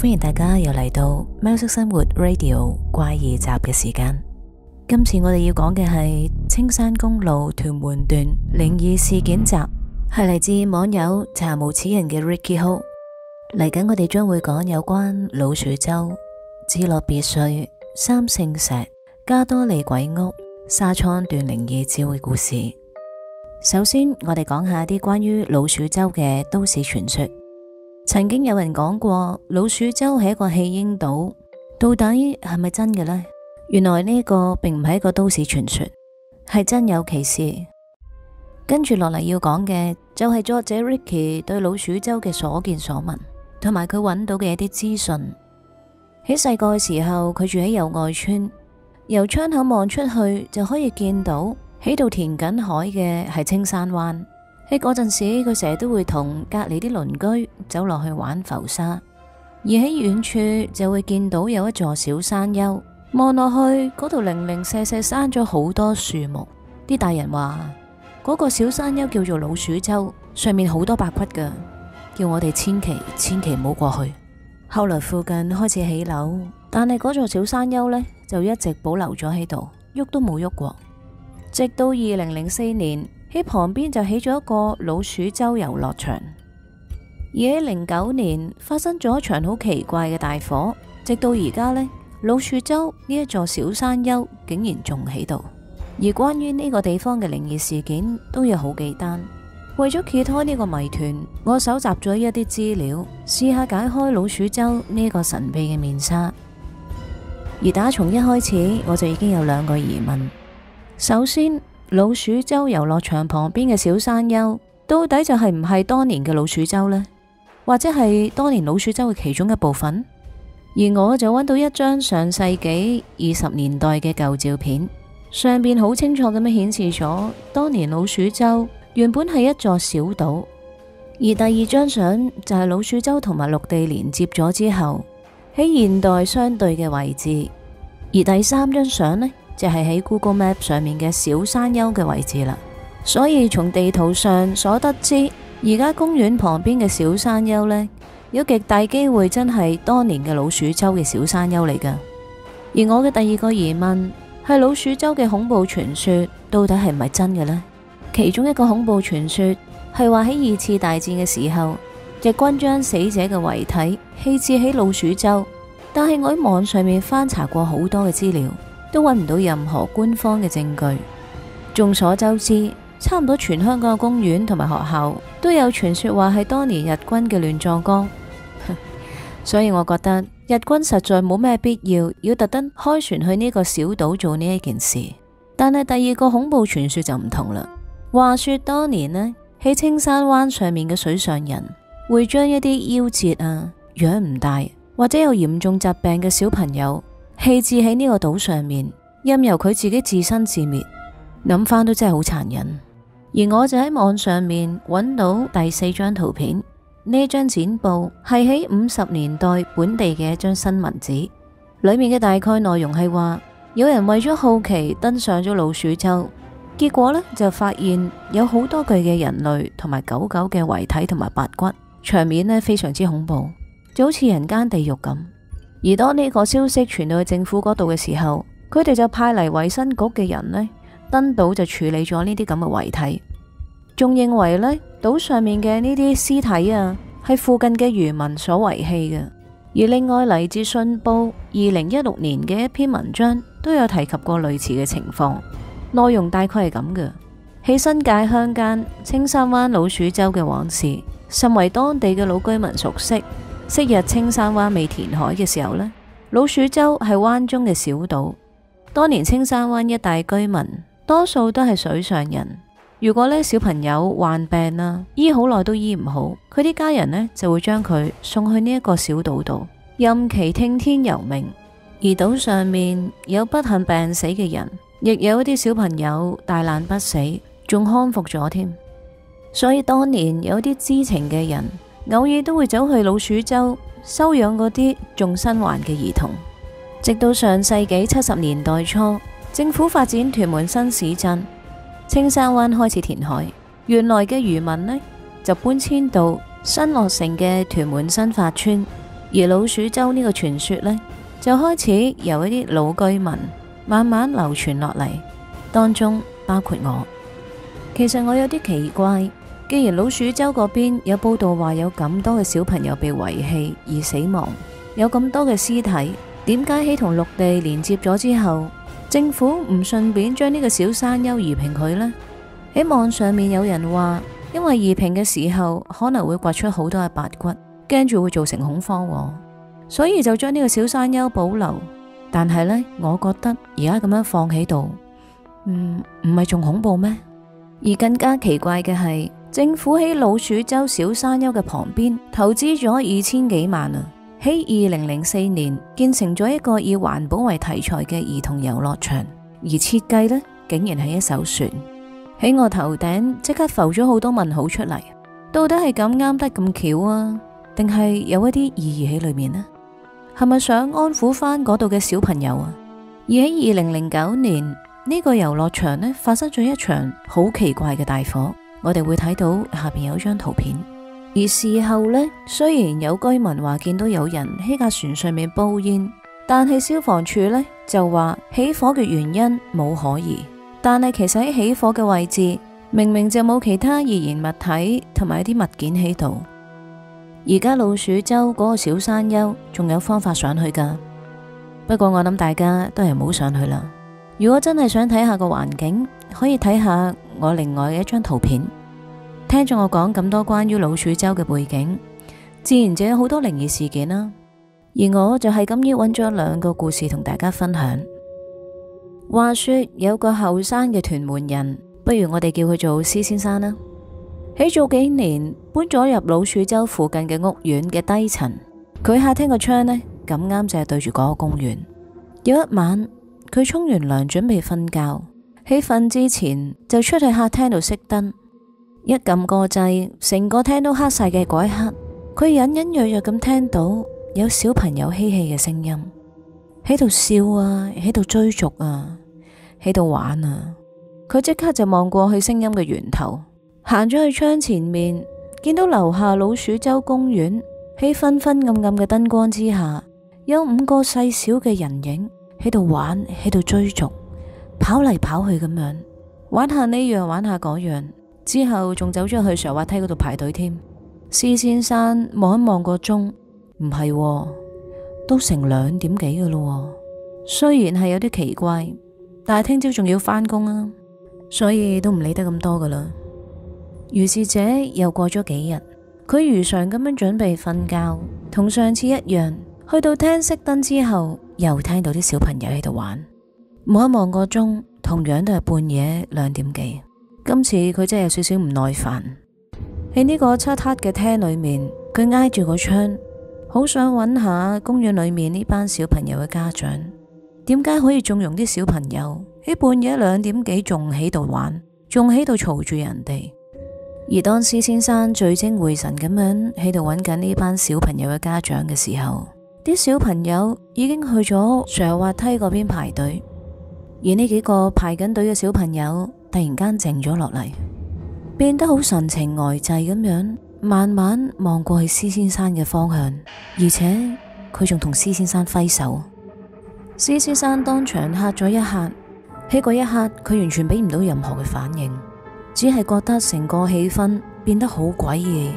歡迎大家又嚟到《喵式生活 Radio 怪異集》嘅時間。今次我哋要講嘅係青山公路屯門段靈異事件集，係嚟自網友查無此人嘅 Ricky Ho。嚟緊我哋將會講有關老鼠洲、紫樂別墅、三聖石、加多利鬼屋、沙倉段靈異之類故事。首先，我哋講一下啲關於老鼠洲嘅都市傳說。曾經有人講過老鼠洲係一個棄嬰島，到底係咪真嘅呢？原來呢個並唔係一個都市傳說，係真有其事。跟住落嚟要講嘅就係作者 Ricky 對老鼠洲嘅所見所聞，同埋佢揾到嘅一啲資訊。喺細個嘅時候，佢住喺友愛村，由窗口望出去就可以見到喺度填緊海嘅係青山灣。喺嗰陣時，佢成日都會同隔籬啲鄰居走落去玩浮沙，而喺遠處就會見到有一座小山丘，望落去嗰度零零舍舍生咗好多樹木。啲大人話：嗰個小山丘叫做老鼠洲，上面好多白骨嘅，叫我哋千祈千祈唔好過去。後來附近開始起樓，但係嗰座小山丘呢，就一直保留咗喺度，喐都冇喐過，直到二零零四年。喺旁邊就起咗一個老鼠洲遊樂場，而喺零九年發生咗一場好奇怪嘅大火，直到而家呢，老鼠洲呢一座小山丘竟然仲喺度。而關於呢個地方嘅靈異事件都有好幾單。為咗揭開呢個謎團，我搜集咗一啲資料，試下解開老鼠洲呢個神秘嘅面紗。而打從一開始，我就已經有兩個疑問，首先，老鼠洲遊樂場旁邊嘅小山丘，到底就係唔係當年嘅老鼠洲呢？或者係當年老鼠洲嘅其中一部分？而我就揾到一張上世紀二十年代嘅舊照片，上面好清楚咁樣顯示咗當年老鼠洲原本係一座小島。而第二張相就係老鼠洲同埋陸地連接咗之後，喺現代相對嘅位置。而第三張相呢？就係喺 Google Map 上面嘅小山丘嘅位置啦，所以從地圖上所得知，而家公園旁邊嘅小山丘呢，有極大機會真係當年嘅老鼠洲嘅小山丘嚟噶。而我嘅第二個疑問係老鼠洲嘅恐怖傳說到底係唔係真嘅呢？其中一個恐怖傳說係話喺二次大戰嘅時候，日軍將死者嘅遺體棄置喺老鼠洲，但係我喺網上面翻查過好多嘅資料。都揾唔到任何官方嘅證據。眾所周知，差唔多全香港嘅公園同埋學校都有傳說話係當年日軍嘅亂葬崗， 所以我覺得日軍實在冇咩必要要特登開船去呢個小島做呢一件事。但係第二個恐怖傳說就唔同啦。話說當年呢，喺青山灣上面嘅水上人會將一啲夭折啊、養唔大或者有嚴重疾病嘅小朋友，棄置喺呢個島上面，任由佢自己自生自滅。諗返都真係好殘忍。而我就喺網上面揾到第四張圖片，呢張剪報係喺五十年代本地嘅一張新聞紙，裏面嘅大概內容係話，有人為咗好奇登上咗老鼠洲，結果呢就發現有好多具嘅人類同埋狗狗嘅遺體同埋白骨，場面呢非常之恐怖，就好似人間地獄咁。而當呢個消息傳到去政府嗰度嘅時候，佢哋就派嚟衛生局嘅人呢，登島就處理咗呢啲咁嘅遺體，仲認為呢島上面嘅呢啲屍體啊係附近嘅漁民所遺棄嘅。而另外嚟自信報二零一六年嘅一篇文章都有提及過類似嘅情況，內容大概係咁嘅：喺新界鄉間青山灣老鼠洲嘅往事，甚為當地嘅老居民熟悉。昔日青山灣未填海嘅時候呢，老鼠洲係灣中嘅小島。當年青山灣一帶居民多數都係水上人，如果呢小朋友患病啦，醫好耐都醫唔好，佢啲家人呢就會將佢送去呢一個小島度，任其聽天由命。而島上面有不幸病死嘅人，亦有啲小朋友大難不死，仲康復咗添。所以當年有啲知情嘅人。偶爾都會走去老鼠洲收養嗰啲仲生還嘅兒童，直到上世紀七十年代初，政府發展屯門新市鎮，青山灣開始填海，原來嘅漁民呢就搬遷到新落成嘅屯門新發村，而老鼠洲呢個傳說呢就開始由一啲老居民慢慢流傳落嚟，當中包括我。其實我有啲奇怪。既然老鼠洲嗰邊有報道話有咁多嘅小朋友被遺棄而死亡，有咁多嘅屍體，點解喺同陸地連接咗之後，政府唔順便將呢個小山丘夷平佢呢？喺網上面有人話，因為夷平嘅時候可能會掘出好多嘅白骨，驚住會造成恐慌，所以就將呢個小山丘保留。但係呢，我覺得而家咁樣放喺度，嗯，唔係仲恐怖咩？而更加奇怪嘅係。政府喺老鼠洲小山丘嘅旁邊投資咗二千幾萬啊，喺二零零四年建成咗一個以環保為題材嘅兒童遊樂場，而設計呢，竟然係一艘船。喺我頭頂即刻浮咗好多問號出嚟，到底係咁啱得咁巧啊？定係有一啲意義喺裏面呢？係咪想安撫翻嗰度嘅小朋友啊？而喺二零零九年呢個遊樂場呢，發生咗一場好奇怪嘅大火。我哋會睇到下邊有一張圖片，而事後呢，雖然有居民話見到有人喺架船上面煲煙，但係消防處呢就話起火嘅原因冇可疑。但係其實喺起火嘅位置明明就冇其他易燃物體同埋一啲物件喺度。而家老鼠洲嗰個小山丘仲有方法上去噶，不過我諗大家都係唔好上去啦。如果真係想睇下個環境，可以睇下，我另外嘅一張圖片。聽咗我講咁多關於老鼠洲嘅背景，自然就有好多靈異事件啦。而我就係咁樣搵咗兩個故事同大家分享。話說有個後生嘅屯門人，不如我哋叫佢做施先生啦。喺早幾年，搬咗入老鼠洲附近嘅屋苑嘅低層，佢客廳個窗呢咁啱就係對住嗰個公園。有一晚，佢沖完涼，準備瞓覺。起瞓之前就出去客廳度熄燈，一撳個掣，成個廳都黑晒嘅。嗰一刻，佢隱隱約約咁聽到有小朋友嬉戲嘅聲音，喺度笑啊，喺度追逐啊，喺度玩啊。佢即刻就望過去聲音嘅源頭，行咗去窗前面，見到樓下老鼠洲公園喺昏昏暗暗嘅燈光之下，有五個細小嘅人影喺度玩，喺度追逐。跑嚟跑去咁樣，玩下呢樣，玩下嗰樣，之後仲走咗去上滑梯嗰度排隊添。施先生望一望個鐘，唔係喎，都成兩點幾噶啦。雖然係有啲奇怪，但係聽朝仲要返工啊，所以都唔理得咁多噶啦。如是者又過咗幾日，佢如常咁樣準備瞓覺，同上次一樣，去到廳熄燈之後，又聽到啲小朋友喺度玩。望一望個鐘，同樣都係半夜兩點幾。今次佢真係有少少唔耐煩。喺呢個漆黑嘅廳裏面，佢挨住個窗，好想揾下公園裏面呢班小朋友嘅家長，點解可以縱容啲小朋友喺半夜兩點幾仲喺度玩，仲喺度嘈住人哋。而當施先生聚精會神咁樣喺度揾緊呢班小朋友嘅家長嘅時候，啲小朋友已經去咗上滑梯嗰邊排隊。而呢幾個排緊隊嘅小朋友突然間靜咗落嚟，變得好神情呆滯咁樣，慢慢望過去施先生嘅方向，而且佢仲同施先生揮手。施先生當場吓咗一吓，喺嗰一刻佢完全俾唔到任何嘅反應，只係覺得成個氣氛變得好詭異。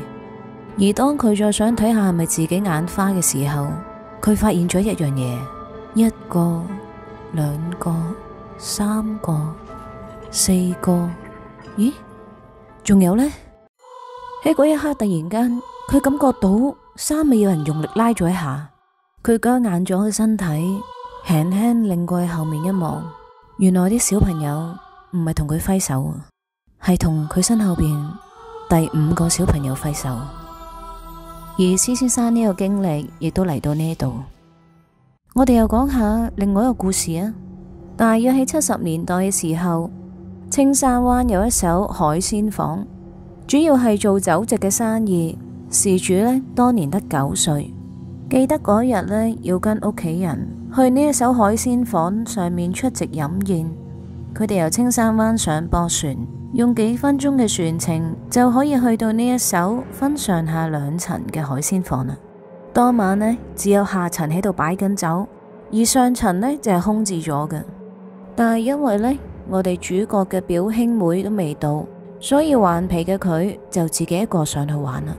而當佢再想睇下係咪自己眼花嘅時候，佢發現咗一樣嘢，一個、兩個。三個、四個，咦？仲有呢？喺嗰一刻，突然間，佢感覺到衫尾有人用力拉咗一下，佢僵硬咗嘅身體，輕輕擰過去後面一望，原來啲小朋友唔係同佢揮手，啊，係同佢身後邊第五個小朋友揮手。而施先生呢個經歷亦都嚟到呢度，我哋又講下另外一個故事啊！大約喺七十年代嘅時候，青山灣有一艘海鮮舫，主要係做酒席嘅生意。事主呢當年得九歲，記得嗰日呢要跟屋企人去呢一艘海鮮舫上面出席飲宴。佢哋由青山灣上駁船，用幾分鐘嘅船程就可以去到呢一艘分上下兩層嘅海鮮舫啦。當晚呢只有下層喺度擺緊酒，而上層呢就係、是、空置咗嘅。但係因為呢，我哋主角嘅表兄妹都未到，所以頑皮嘅佢就自己一個上去玩啦。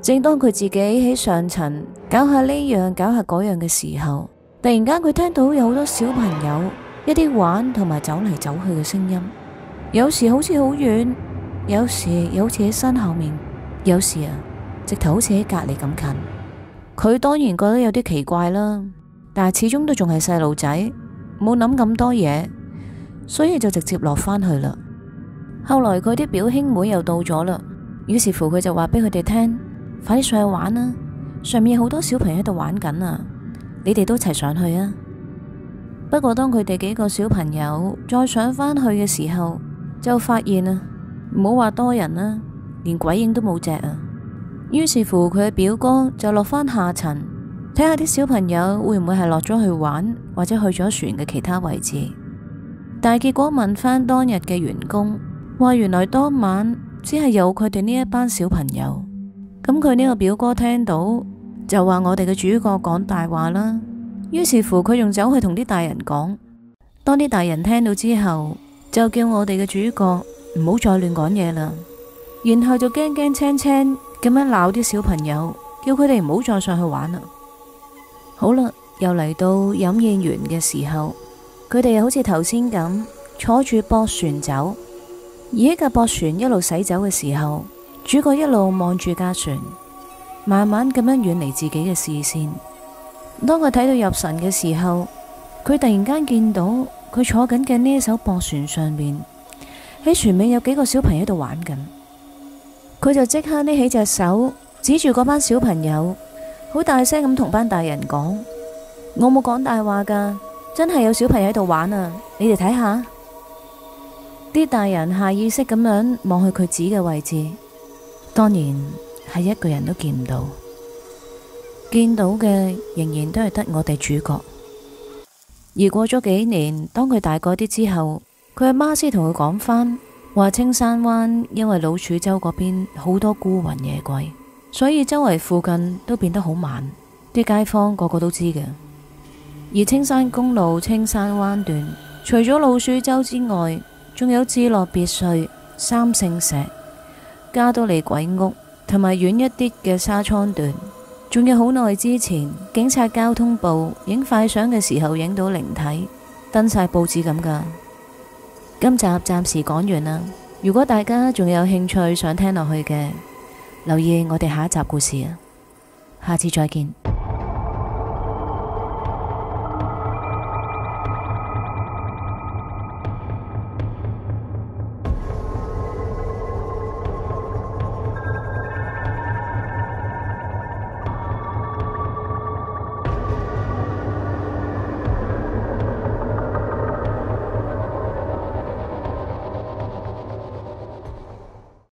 正當佢自己喺上層搞下呢樣，搞下嗰樣嘅時候，突然間佢聽到有好多小朋友一啲玩同埋走嚟走去嘅聲音，有時好似好遠，有時又好似喺山後面，有時啊，直頭好似喺隔籬咁近。佢當然覺得有啲奇怪啦，但係始終都仲係細路仔。冇諗咁多嘢，所以就直接落返去啦。後來佢啲表兄妹又到咗啦，於是乎佢就話俾佢哋聽：「快啲上去玩啦！上面好多小朋友喺度玩緊啊，你哋都齊上去啊！不過當佢哋幾個小朋友再上返去嘅時候，就發現啊，唔好話多人啦，連鬼影都冇隻啊！於是乎佢嘅表哥就落返下層睇下啲小朋友會唔會係落咗去玩。或者去咗船嘅其他位置，但結果問返當日嘅員工，話原來當晚只係有佢哋呢一班小朋友。咁佢呢個表哥聽到就話我哋嘅主角講大話啦。於是乎佢仲走去同啲大人講，當啲大人聽到之後，就叫我哋嘅主角唔好再亂講嘢啦。然後就驚驚青青咁樣鬧啲小朋友，叫佢哋唔好再上去玩啦。好啦。又嚟到飲宴完嘅時候，佢哋又好似頭先咁坐住駁船走，而喺架駁船一路駛走嘅時候，主角一路望住架船，慢慢咁樣遠離自己嘅視線。當佢睇到入神嘅時候，佢突然間見到佢坐緊嘅呢艘駁船上面，喺船尾有幾個小朋友喺度玩緊，佢就即刻拎起隻手指住嗰班小朋友，好大聲咁同班大人講。我冇講大話噶，真係有小朋友喺度玩啊！你哋睇下啲大人下意識咁樣望去佢指嘅位置，當然係一個人都見唔到，見到嘅仍然都係得我哋主角。而過咗幾年，當佢大個啲之後，佢阿媽先同佢講返話：青山灣因為老鼠洲嗰邊好多孤魂野鬼，所以周圍附近都變得好猛，啲街坊個個都知嘅。而青山公路青山灣段，除咗老鼠洲之外，仲有知樂別墅、三聖石、加多利鬼屋，同埋遠一啲嘅沙倉段。仲有好耐之前，警察交通部影快相嘅時候，影到靈體，登晒報紙咁㗎。今集暫時講完啦。如果大家仲有興趣想聽落去嘅，留意我哋下一集故事啊。下次再見。